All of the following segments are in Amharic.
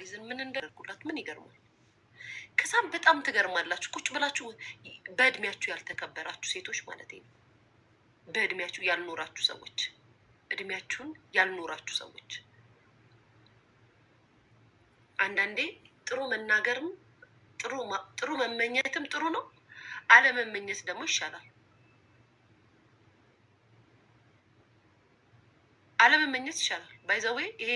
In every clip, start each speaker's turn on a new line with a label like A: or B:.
A: ሪዝን ምን እንደደርጉላት ምን ይገርማል። ከዛም በጣም ትገርማላችሁ። ቁጭ ብላችሁ በእድሜያችሁ ያልተከበራችሁ ሴቶች ማለት ነው። በእድሜያችሁ ያልኖራችሁ ሰዎች እድሜያችሁን ያልኖራችሁ ሰዎች አንዳንዴ ጥሩ መናገርም ጥሩ መመኘትም ጥሩ ነው። አለመመኘት ደግሞ ይሻላል። አለመመኘት ይሻላል። ባይዘዌ ይሄ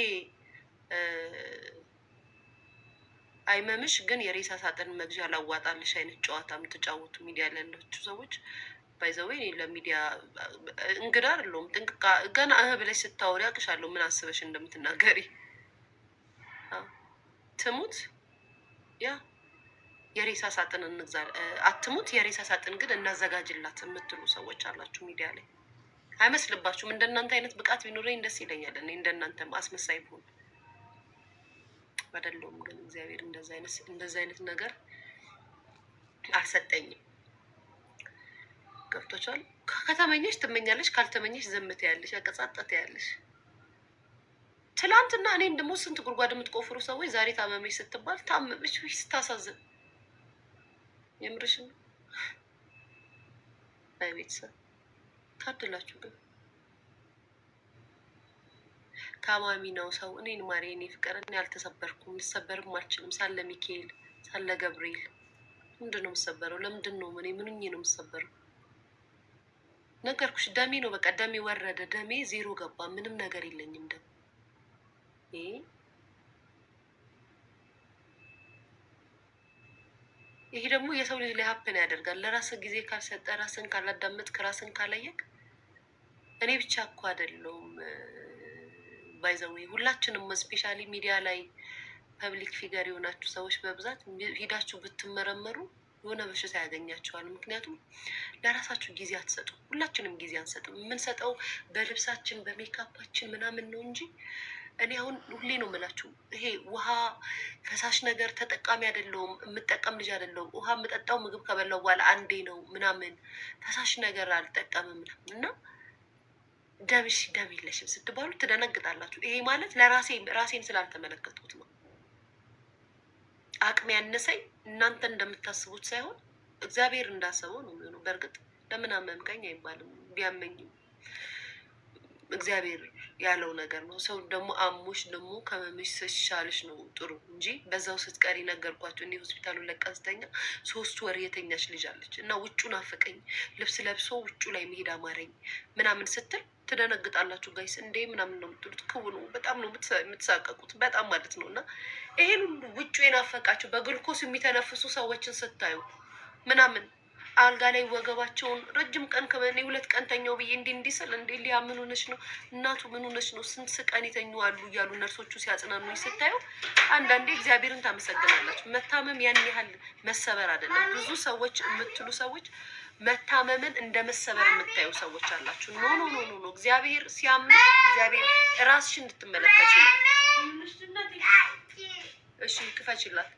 A: አይመምሽ ግን የሬሳ ሳጥን መግዣ ላዋጣልሽ አይነት ጨዋታ የምትጫወቱ ሚዲያ ላለችው ሰዎች ባይዘዌ ለሚዲያ እንግዳ አይደለሁም። ጥንቅቃ ገና እህ ብለሽ ስታወሪ አቅሻለሁ ምን አስበሽ እንደምትናገሪ ትሙት ያ የሬሳ ሳጥን እንግዛ አትሙት የሬሳ ሳጥን ግን እናዘጋጅላት የምትሉ ሰዎች አላችሁ ሚዲያ ላይ አይመስልባችሁም? እንደናንተ አይነት ብቃት ቢኖረኝ ደስ ይለኛል። እኔ እንደናንተ አስመሳይ ብሆን አይደለሁም፣ ግን እግዚአብሔር እንደዚ አይነት ነገር አልሰጠኝም። ገብቶቻል። ከተመኘሽ ትመኛለሽ፣ ካልተመኘሽ ዘምት ትያለሽ፣ አቀጻጣ ትያለሽ። ትላንትና እኔን ደግሞ ስንት ጉድጓድ የምትቆፍሩ ሰዎች ዛሬ ታመመች ስትባል ታመመች ስታሳዝን የምርሽ ነው። አይ ቤተሰብ ታድላችሁ ግን ታማሚ ነው ሰው። እኔን ማሪ፣ እኔ ፍቅር፣ እኔ አልተሰበርኩም፣ ልሰበርም አልችልም። ሳለ ሚካኤል፣ ሳለ ገብርኤል ምንድን ነው የምሰበረው? ለምንድን ነው እኔ ምንኝ ነው የምሰበረው? ነገርኩሽ፣ ደሜ ነው በቃ ደሜ ወረደ፣ ደሜ ዜሮ ገባ። ምንም ነገር የለኝም ደም ይሄ ደግሞ የሰው ልጅ ላይ ሀፕን ያደርጋል። ለራስ ጊዜ ካልሰጠ፣ ራስን ካላዳመጥክ፣ ራስን ካላየቅ እኔ ብቻ እኮ አይደለሁም ባይዘው ሁላችንም ስፔሻሊ ሚዲያ ላይ ፐብሊክ ፊገር የሆናችሁ ሰዎች በብዛት ሂዳችሁ ብትመረመሩ የሆነ በሽታ ያገኛቸዋል። ምክንያቱም ለራሳችሁ ጊዜ አትሰጡ። ሁላችንም ጊዜ አንሰጥም። የምንሰጠው በልብሳችን በሜካፓችን ምናምን ነው እንጂ እኔ አሁን ሁሌ ነው የምላችሁ፣ ይሄ ውሃ ፈሳሽ ነገር ተጠቃሚ አይደለሁም። የምጠቀም ልጅ አይደለሁም። ውሃ የምጠጣው ምግብ ከበላው በኋላ አንዴ ነው ምናምን፣ ፈሳሽ ነገር አልጠቀምም እና ደምሽ ደም የለሽም ስትባሉ ትደነግጣላችሁ። ይሄ ማለት ለራሴ ራሴን ስላልተመለከትኩት ነው። አቅም ያነሰኝ እናንተ እንደምታስቡት ሳይሆን እግዚአብሔር እንዳሰበው ነው የሚሆነው። በእርግጥ ለምን አመምከኝ አይባልም። ቢያመኝም እግዚአብሔር ያለው ነገር ነው። ሰው ደግሞ አሞሽ ደግሞ ከመምሽ ስሻልሽ ነው ጥሩ እንጂ በዛው ስትቀሪ ነገርኳቸው። እኔ ሆስፒታሉ ለቀስተኛ ሶስት ወር የተኛች ልጅ አለች እና ውጩን አፈቀኝ ልብስ ለብሶ ውጩ ላይ መሄድ አማረኝ ምናምን ስትል ትደነግጣላችሁ ጋይስ እንዴ ምናምን ነው የምትሉት። ነው በጣም ነው የምትሳቀቁት፣ በጣም ማለት ነው። እና ይሄን ሁሉ ውጩ የናፈቃቸው በግልኮስ የሚተነፍሱ ሰዎችን ስታዩ ምናምን አልጋ ላይ ወገባቸውን ረጅም ቀን ከበኔ ሁለት ቀን ተኛው ብዬ እንዲ እንዲስል እንዲ ሊያ ምን ሆነች ነው እናቱ ምን ሆነች ነው ስንት ቀን የተኙ አሉ እያሉ ነርሶቹ ሲያጽናኑኝ ስታዩ አንዳንዴ እግዚአብሔርን ታመሰግናለች። መታመም ያን ያህል መሰበር አይደለም። ብዙ ሰዎች የምትሉ ሰዎች መታመምን እንደ መሰበር የምታዩ ሰዎች አላችሁ። ኖ ኖ ኖ ኖ እግዚአብሔር ሲያምን እግዚአብሔር ራስሽ እንድትመለከች ነው። እሺ ክፈችላት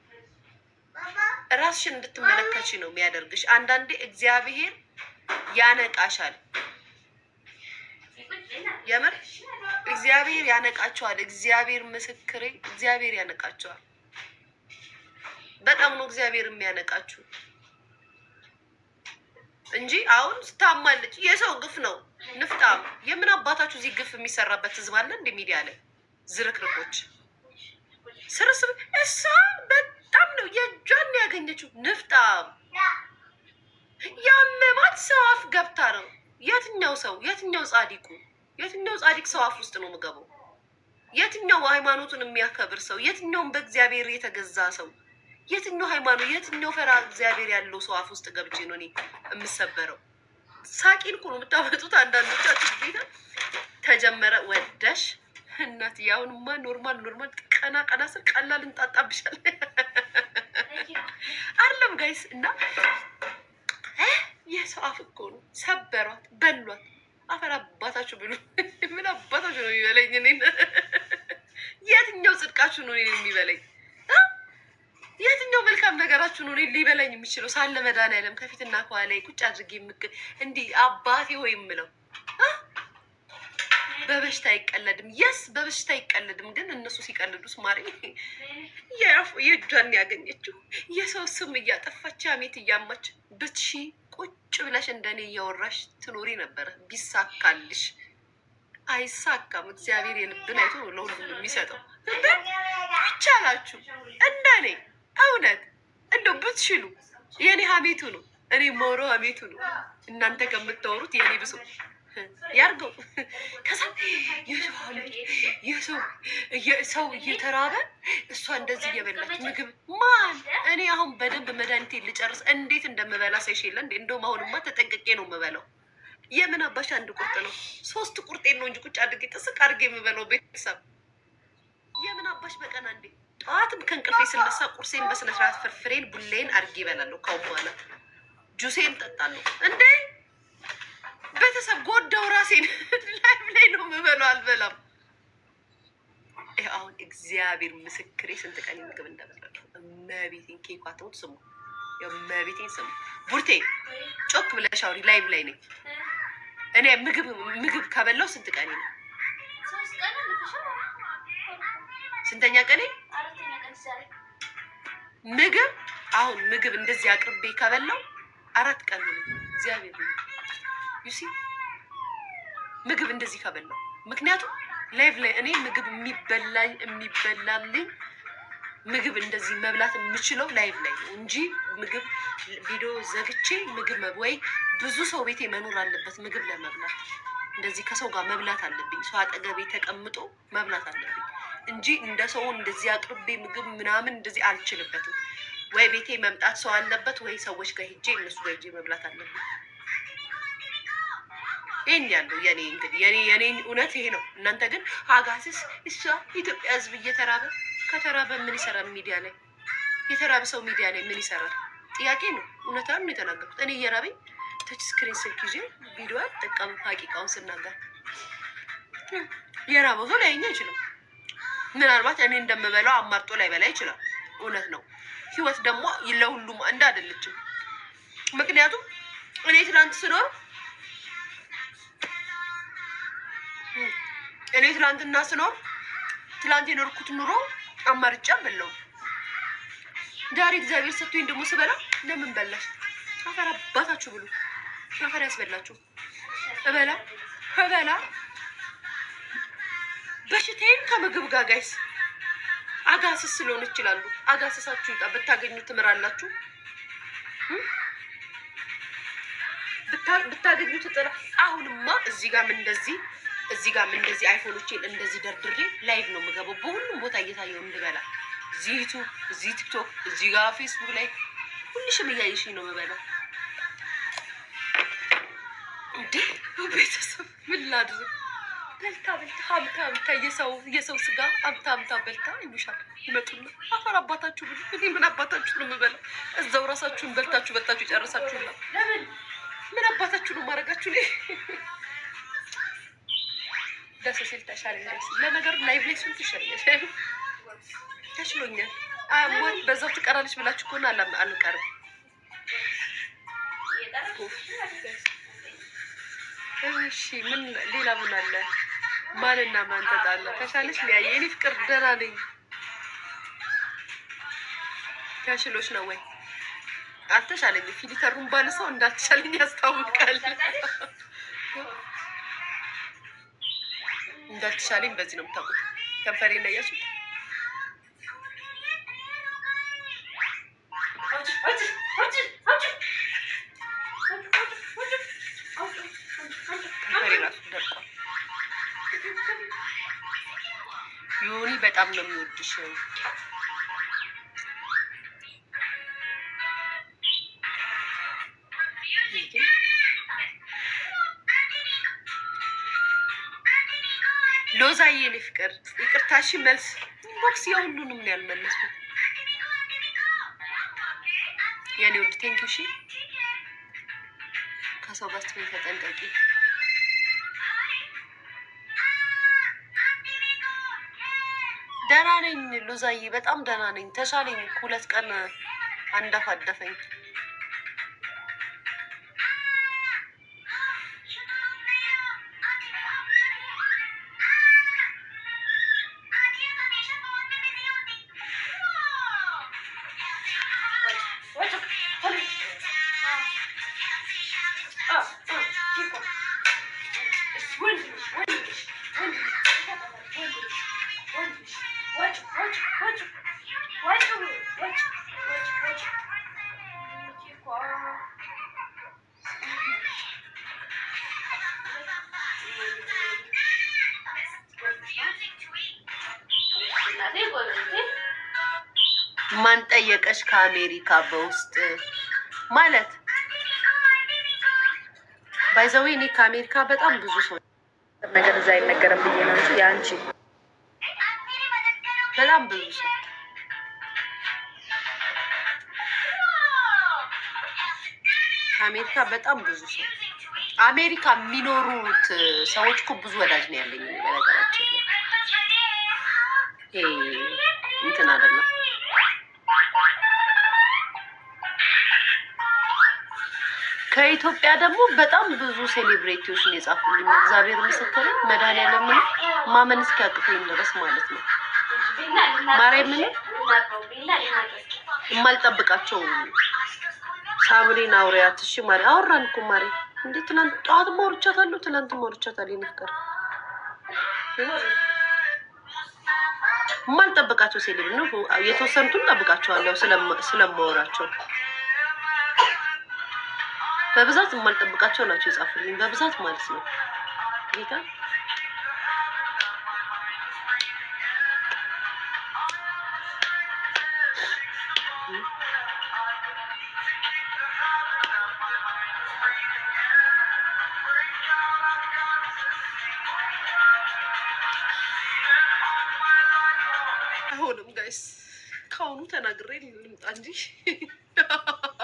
A: ራስሽን እንድትመለከች ነው የሚያደርግሽ። አንዳንዴ እግዚአብሔር ያነቃሻል። የምር እግዚአብሔር ያነቃቸዋል። እግዚአብሔር ምስክሬ፣ እግዚአብሔር ያነቃቸዋል። በጣም ነው እግዚአብሔር የሚያነቃችሁ እንጂ አሁን ስታማልጭ የሰው ግፍ ነው ንፍጣም። የምን አባታችሁ እዚህ ግፍ የሚሰራበት ህዝብ አለ እንደ ሚዲያ ላይ ዝርክርኮች ስርስብ እሷ በጣም ነው የእጇን ያገኘችው። ንፍጣም ያመማት ሰው አፍ ገብታ ነው። የትኛው ሰው የትኛው ጻዲቁ የትኛው ጻዲቅ ሰው አፍ ውስጥ ነው የምገባው? የትኛው ሃይማኖቱን የሚያከብር ሰው የትኛውም በእግዚአብሔር የተገዛ ሰው የትኛው ሃይማኖት የትኛው ፈራ እግዚአብሔር ያለው ሰው አፍ ውስጥ ገብቼ ነው እኔ የምሰበረው? ሳቂን እኮ ነው የምታመጡት አንዳንዶቻችሁ። ጌታ ተጀመረ ወደሽ እናት አሁንማ ኖርማል ኖርማል ቀና ቀና ስር ቀላል እንጣጣብሻለን። አለም ጋይስ። እና የሰው አፍ እኮ ነው። ሰበሯት፣ በሏት። አፈር አባታችሁ ብሉ። ምን አባታችሁ ነው የሚበለኝ? እኔን የትኛው ጽድቃችሁ ነው እኔን የሚበለኝ? የትኛው መልካም ነገራችሁ ነው እኔን ሊበለኝ የሚችለው? ሳለ መድኃኒዓለም ከፊትና ከኋላ ቁጭ አድርጌ ምክ እንዲህ አባቴ ወይ የምለው በበሽታ አይቀለድም። የስ በበሽታ አይቀለድም። ግን እነሱ ሲቀልዱስ ማሪ የእጇን ያገኘችው የሰው ስም እያጠፋች አሜት እያማች ብትሺ ቁጭ ብለሽ እንደኔ እያወራሽ ትኖሪ ነበረ ቢሳካልሽ። አይሳካም። እግዚአብሔር የልብን አይቶ ለሁሉም የሚሰጠው ይቻላችሁ እንደኔ እውነት እንደው ብትሽሉ የኔ ሀሜቱ ነው። እኔ ሞሮ ሀሜቱ ነው። እናንተ ከምታወሩት የኔ ብሶ ያርገው። ከዛ ሰው እየተራበ እሷ እንደዚህ እየበላች ምግብ ማን እኔ አሁን በደንብ መድኃኒቴ ልጨርስ እንዴት እንደምበላ ሳይሽ የለ እንዴ? እንደውም አሁንማ ተጠንቅቄ ነው የምበላው። የምን አባሽ አንድ ቁርጥ ነው ሶስት ቁርጤን ነው እንጂ ቁጭ አድርጌ ጥስቅ አድርጌ የምበላው ቤተሰብ የምን አባሽ በቀን አንዴ ጠዋትም ከእንቅልፌ ስነሳ ቁርሴን በስነስርዓት ፍርፍሬን ቡሌን አድርጌ ይበላለሁ። ካሁን በኋላ ጁሴን ጠጣለሁ እንዴ ቤተሰብ ጎዳው። ራሴን ላይፍ ላይ ነው የምበለው፣ አልበላም። አሁን እግዚአብሔር ምስክሬ ስንት ቀን ምግብ እንደበላል። እመቤቴን ኬኳ ተውት፣ ስሙ፣ እመቤቴን ስሙ። ቡርቴ ጮክ ብለሽ አውሪ፣ ላይፍ ላይ ነኝ እኔ። ምግብ ምግብ ከበላው ስንት ቀኔ ነው? ስንተኛ ቀኔ ምግብ አሁን ምግብ እንደዚህ አቅርቤ ከበላው አራት ቀን ነው። እግዚአብሔር ዩሲ ምግብ እንደዚህ ከበላው ምክንያቱም ላይቭ ላይ እኔ ምግብ የሚበላኝ የሚበላልኝ ምግብ እንደዚህ መብላት የምችለው ላይቭ ላይ ነው እንጂ ምግብ ቪዲዮ ዘግቼ ምግብ ወይ ብዙ ሰው ቤቴ መኖር አለበት ምግብ ለመብላት እንደዚህ ከሰው ጋር መብላት አለብኝ። ሰው አጠገቤ ተቀምጦ መብላት አለብኝ እንጂ እንደ ሰው እንደዚህ አቅርቤ ምግብ ምናምን እንደዚህ አልችልበትም። ወይ ቤቴ መምጣት ሰው አለበት ወይ ሰዎች ጋር ሄጄ እነሱ ጋር ሄጄ መብላት አለብኝ። ይህን ያለው የኔ እንግዲህ የኔ የኔ እውነት ይሄ ነው። እናንተ ግን አጋስስ እሷ ኢትዮጵያ ህዝብ እየተራበ ከተራበ ምን ይሰራል? ሚዲያ ላይ የተራበ ሰው ሚዲያ ላይ ምን ይሰራል? ጥያቄ ነው። እውነታ ነው የተናገርኩት። እኔ እየራበኝ ተች ስክሪን ስልክ ይዤ ቪዲዮ ጠቀም ሀቂቃውን ስናገር የራበው ሰው ላይኛ ይችላል። ምናልባት እኔ እንደምበላው አማርጦ ላይ በላይ ይችላል። እውነት ነው። ህይወት ደግሞ ለሁሉም አንድ አይደለችም። ምክንያቱም እኔ ትናንት ስኖር እኔ ትላንትና ስኖር ትላንት የኖርኩት ኑሮ አማርጫ በለው ዳሪ እግዚአብሔር ሰጥቶኝ ደግሞ ስበላ ለምን በላሽ? አፈር አባታችሁ ብሉ። አፈር ያስበላችሁ። እበላ እበላ በሽታዬም ከምግብ ጋር ጋይስ አጋስስ ስለሆነ ይችላሉ። አጋስሳችሁ ይጣ ብታገኙ ትምራላችሁ፣ ብታገኙ ትጥራ። አሁንማ እዚህ ጋርም እንደዚህ እዚህ ጋርም እንደዚህ አይፎኖችን እንደዚህ ደርድሬ ላይቭ ነው የምገባው። በሁሉም ቦታ እየታየው እንድበላ እዚህ ዩቱብ፣ እዚህ ቲክቶክ፣ እዚህ ጋር ፌስቡክ ላይ ሁልሽም እያየሽኝ ነው የምበላ። እንዴ ቤተሰብ ምን ላድር? በልታ በልታ ሀምታ ሀምታ የሰው የሰው ስጋ አምታ ሀምታ በልታ ይሻል ይመጡና አፈር አባታችሁ ብሉ። እኔ ምን አባታችሁ ነው የምበላ? እዛው ራሳችሁን በልታችሁ በልታችሁ ጨርሳችሁላ። ምን አባታችሁ ነው ማድረጋችሁ? ደስ ሲል ተሻለ። ለነገሩ ላይቭ ላይ ስንት ይሻለኛል ተችሎኛል። አሞት በዛው ትቀራለች ብላችሁ ከሆነ አንቀርም። እሺ ምን ሌላ ምን አለ? ማንና ማን ተጣላ? ተሻለች ሊያ የኔ ፍቅር ደህና ነኝ። ተሽሎች ነው ወይ አልተሻለኝ? ፊልተሩን ባልሰው እንዳልተሻለኝ ያስታውቃል። እንዳልተሻለኝ በዚህ ነው የምታውቁት። ከንፈሬ እንዳያሱ ዮኒ በጣም ነው የሚወድሽ። የኔ ፍቅር ይቅርታሽ መልስ ኢንቦክስ የሁሉንም ነው ያልመለስኩ። የኔ ውድ ቴንኪ ሺ ከሰው ጋር ስትሆን ተጠንቀቂ። ደህና ነኝ ሎዛዬ፣ በጣም ደህና ነኝ። ተሻለኝ። ሁለት ቀን አንዳፋ አደፈኝ። ማን ጠየቀሽ? ከአሜሪካ በውስጥ ማለት ባይዘዌ እኔ ከአሜሪካ በጣም ብዙ ሰው ነገር እዛ አይነገርም ብዬ ነው እንጂ የአንቺ በጣም ብዙ ሰው ከአሜሪካ በጣም ብዙ ሰው አሜሪካ የሚኖሩት ሰዎች እኮ ብዙ ወዳጅ ነው ያለኝ። ነገራቸው እንትን አይደለም። ከኢትዮጵያ ደግሞ በጣም ብዙ ሴሌብሬቲዎች ነው የጻፉልኝ። እግዚአብሔር ምስክር መድኃኒዓለም ማመን እስኪያቅተኝ ድረስ ማለት ነው። ማርያምን የማልጠብቃቸው ሳብሪን አውሪያት። እሺ ማሪ አወራን እኮ ማሪ እንዴ ትናንት ጠዋት ማውርቻታለሁ፣ ትናንት ማውርቻታለሁ። ይነገር የማልጠብቃቸው ሴሌብ ነው። የተወሰኑትን ጠብቃቸዋለሁ ስለማወራቸው በብዛት የማልጠብቃቸው ናቸው የጻፉልኝ፣ በብዛት ማለት ነው ጌታ አይሆንም ጋይስ፣ ከአሁኑ ተናግሬ ልምጣ እንጂ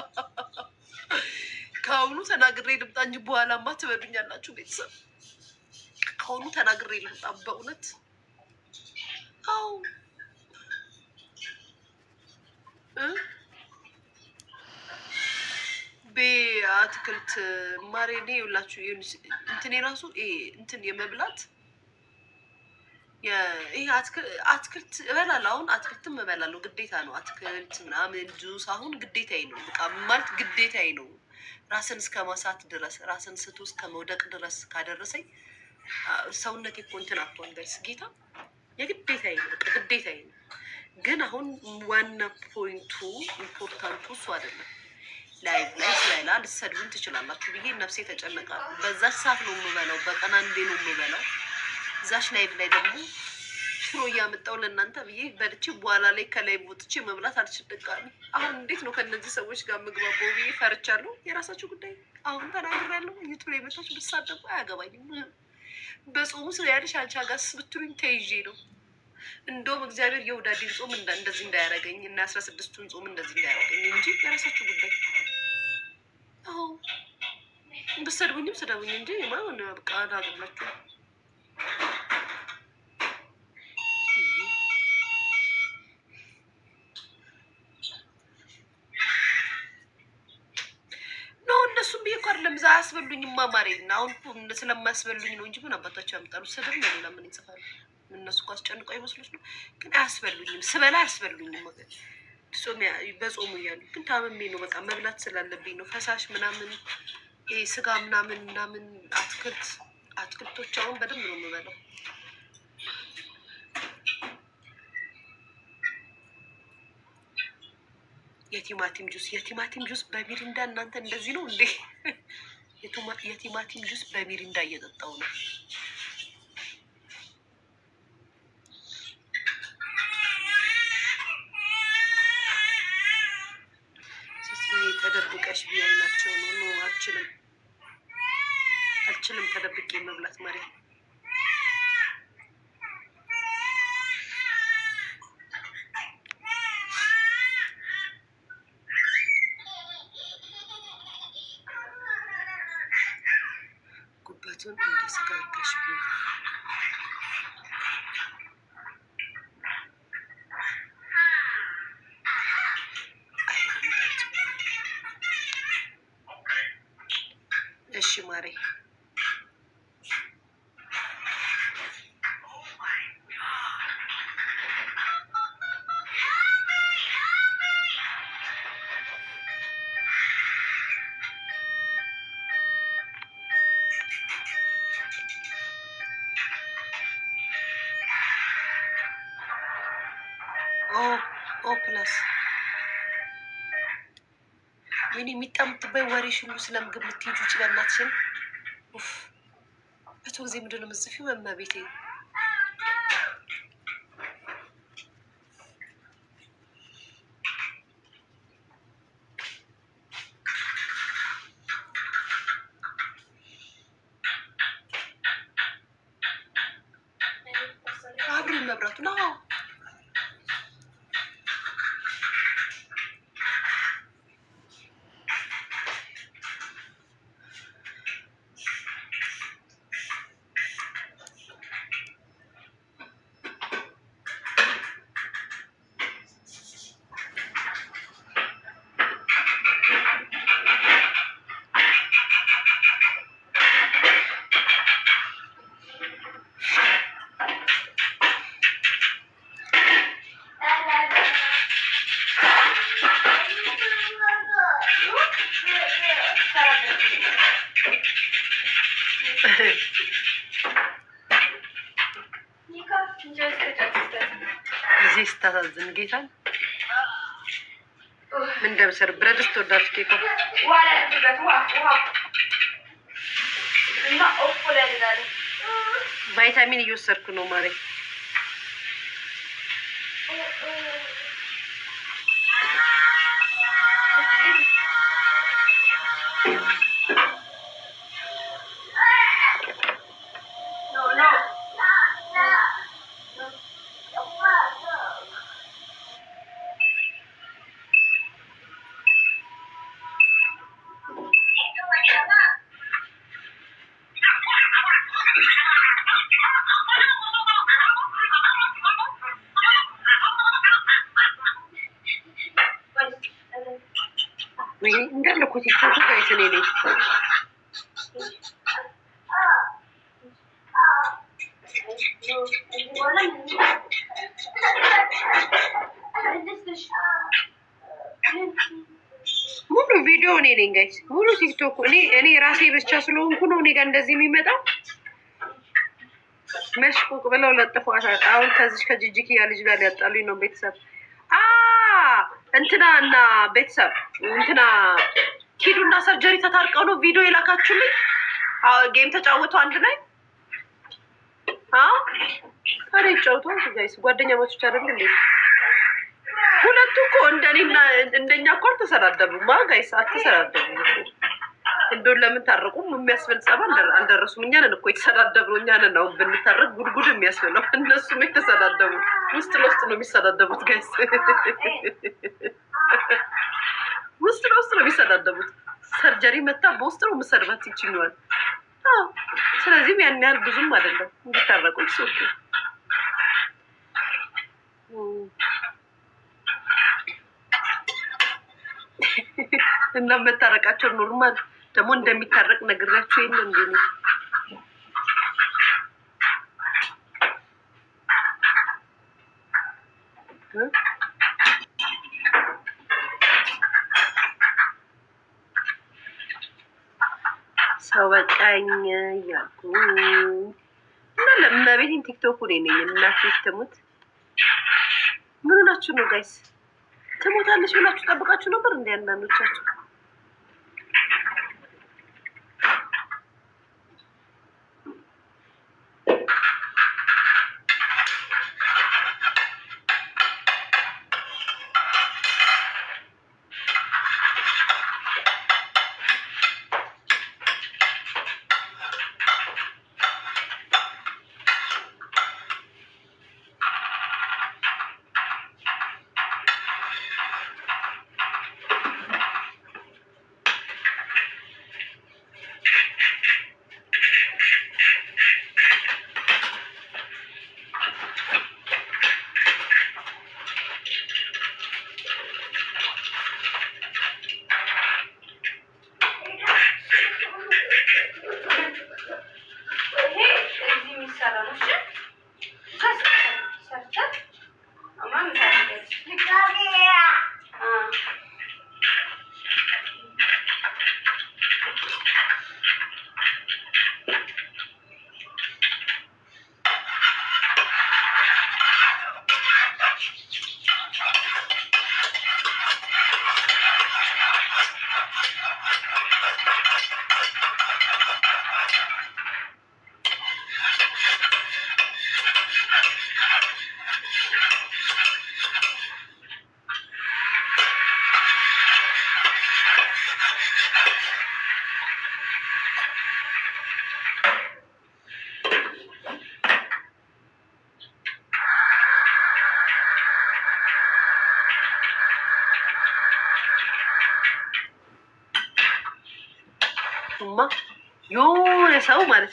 A: ከአሁኑ ተናግሬ ልምጣ እንጂ በኋላማ ትበዱኛላችሁ። ቤተሰብ ከአሁኑ ተናግሬ ልምጣ በእውነት አው አትክልት ማሬ ኔ ይኸውላችሁ እንትን የራሱ እንትን የመብላት አትክልት እበላለሁ። አሁን አትክልትም እበላለሁ፣ ግዴታ ነው። አትክልት ምናምን ጁስ አሁን ግዴታዬ ነው። በቃ ማለት ግዴታዬ ነው። ራስን እስከ መሳት ድረስ ራስን ስቱ እስከ መውደቅ ድረስ ካደረሰኝ ሰውነት ኮንትን አቷል። ጋይስ ጌታ የግዴታ ግዴታ ነው። ግን አሁን ዋና ፖይንቱ ኢምፖርታንቱ እሱ አይደለም። ላይቭ ላይ ስላይላ ልትሰድቡኝ ትችላላችሁ ብዬ ነፍሴ ተጨነቃ። በዛች ሰዓት ነው የምበላው፣ በቀን አንዴ ነው የምበላው። እዛች ላይቭ ላይ ደግሞ ሽሮ እያመጣው ለእናንተ ብዬ በልቼ በኋላ ላይ ከላይ ወጥቼ መብላት አልችልቃሉ። አሁን እንዴት ነው ከእነዚህ ሰዎች ጋር ምግባቦ ብዬ ፈርቻለሁ። የራሳቸው ጉዳይ። አሁን ተናግሬያለሁ። ዩቱብ ላይ መታች ብሳደቁ አያገባኝም። በጾሙ ስለ ያለሽ አልቻጋስ ብትሉኝ ተይዤ ነው። እንደውም እግዚአብሔር የወዳዴን ጾም እንደዚህ እንዳያረገኝ እና አስራ ስድስቱን ጾም እንደዚህ እንዳያረገኝ እንጂ የራሳቸው ጉዳይ። አዎ ብትሰድቡኝም ስደቡኝ እንጂ ማን በቃ አላገባችሁም። አለብኝ ማማሬ እና አሁን ስለማያስበሉኝ ነው እንጂ ምን አባታቸው ያምጣሉ። ስድብ ነው፣ ሌላ ምን ይጽፋሉ? እነሱ እኮ አስጨንቆ ይመስሎች ነው። ግን አያስበሉኝም፣ ስበላ አያስበሉኝም። በጾሙ እያሉ ግን ታመሜ ነው፣ በቃ መብላት ስላለብኝ ነው። ፈሳሽ ምናምን ስጋ ምናምን ምናምን አትክልት አትክልቶች አሁን በደንብ ነው የምበለው። የቲማቲም ጁስ የቲማቲም ጁስ በሚሪንዳ እናንተ እንደዚህ ነው እንዴ? የቲማቲም ጁስ በሚሪንዳ እየጠጣው ነው። Vixe, ወሬሽ ሁሉ ስለምግብ ልትሄጂ ውጪ በእናትሽን። በቶ ጊዜ ምንድን ነው መመቤቴ ሲያሳዝን ጌታን ምን ደምሰር ብረድስት ድስት ወዳች ኬኮ ቫይታሚን እየወሰድኩ ነው ማሬ። ሁሉ ቪዲዮ እኔ ነኝ ጋይስ፣ ሁሉ ቲክቶክ እኔ እኔ ራሴ ብቻ ስለሆንኩ ነው እኔ ጋር እንደዚህ የሚመጣው። መሽቁቅ ብለው ለጥፏታል። አሁን ከዚህ ከጅጅኪያ ልጅ ጋር ሊያጣሉኝ ነው ቤተሰብ እንትና እና ቤተሰብ እንትና ኪዱና ሰርጀሪ ተታርቀው ነው ቪዲዮ የላካችሁልኝ። ጌም ተጫወቱ አንድ ላይ ታዲያ ይጫወቱ ጋይስ ጓደኛ ማቾች አደል እንዴ? እንደኔና እንደኛ እኮ አልተሰዳደቡም። ማ ጋይስ አልተሰዳደቡም። እንደውን ለምን ታረቁም የሚያስብል ጸባ አልደረሱም። እኛንን እኮ የተሰዳደብነው እኛንን ነው ብንታረቅ ጉድጉድ የሚያስብለው። እነሱም የተሰዳደቡ ውስጥ ለውስጥ ነው የሚሰዳደቡት። ጋይስ ውስጥ ለውስጥ ነው የሚሰዳደቡት። ሰርጀሪ መታ በውስጥ ነው የምሰድባት ይችኛዋል። ስለዚህም ያን ያህል ብዙም አይደለም እንዲታረቁ ሶ እና መታረቃቸው ኖርማል ደግሞ እንደሚታረቅ ነግሬያቸው የለም እንዴ ሰው በቃኝ እያልኩ እና ለእመቤቴን ቲክቶክ ላይ ነኝ። እናቴ ትሙት ምን ሆናችሁ ነው ጋይስ? ትሞታለች ብላችሁ ጠብቃችሁ ነበር እንደ አንዳንዶቻችሁ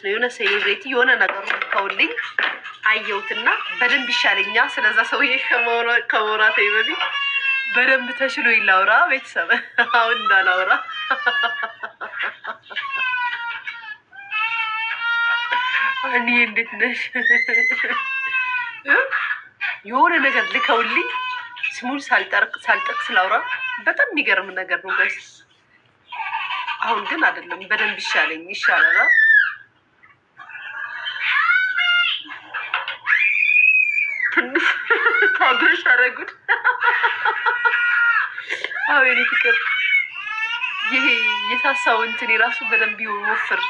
A: ነው የሆነ ሴሌብሬቲ የሆነ ነገር ልከውልኝ አየሁትና በደንብ ይሻለኛ ስለዛ ሰውዬ ከመውራቴ በፊት በደንብ ተሽሎ ይላውራ ቤተሰብ አሁን እንዳላውራ እኔ እንዴት ነሽ የሆነ ነገር ልከውልኝ ስሙን ሳልጠርቅ ሳልጠቅ ስላውራ በጣም የሚገርም ነገር ነው። ገስ አሁን ግን አይደለም። በደንብ ይሻለኝ ይሻላል። አዎ የኔ ፍቅር ይሄ የሳሳው እንትን የራሱ በደንብ ወፍር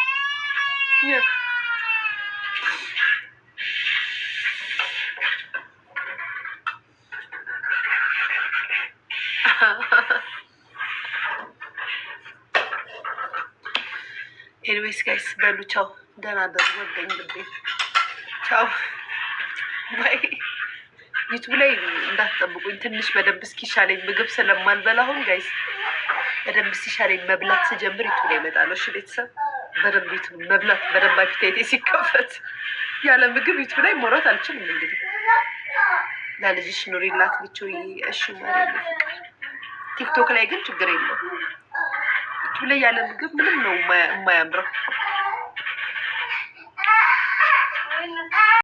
A: ኤልዌስ ጋይስ በሉ ቻው፣ ደህና ደሩ ወገኝ ልቤ ቻው ባይ ዩቱብ ላይ እንዳትጠብቁኝ ትንሽ በደንብ እስኪሻለኝ ምግብ ስለማልበላ አሁን ጋይስ በደንብ ሲሻለኝ መብላት ስጀምር ዩቱብ ላይ እመጣለሁ። እሺ ቤተሰብ በደንብ ዩቱብ መብላት በደንብ አፒታይቴ ሲከፈት ያለ ምግብ ዩቱብ ላይ መውራት አልችልም። እንግዲህ ለልጅሽ ኑሪላት ብቻው እሺ ቲክቶክ ላይ ግን ችግር የለው። ዩቱብ ላይ ያለ ምግብ ምንም ነው የማያምረው።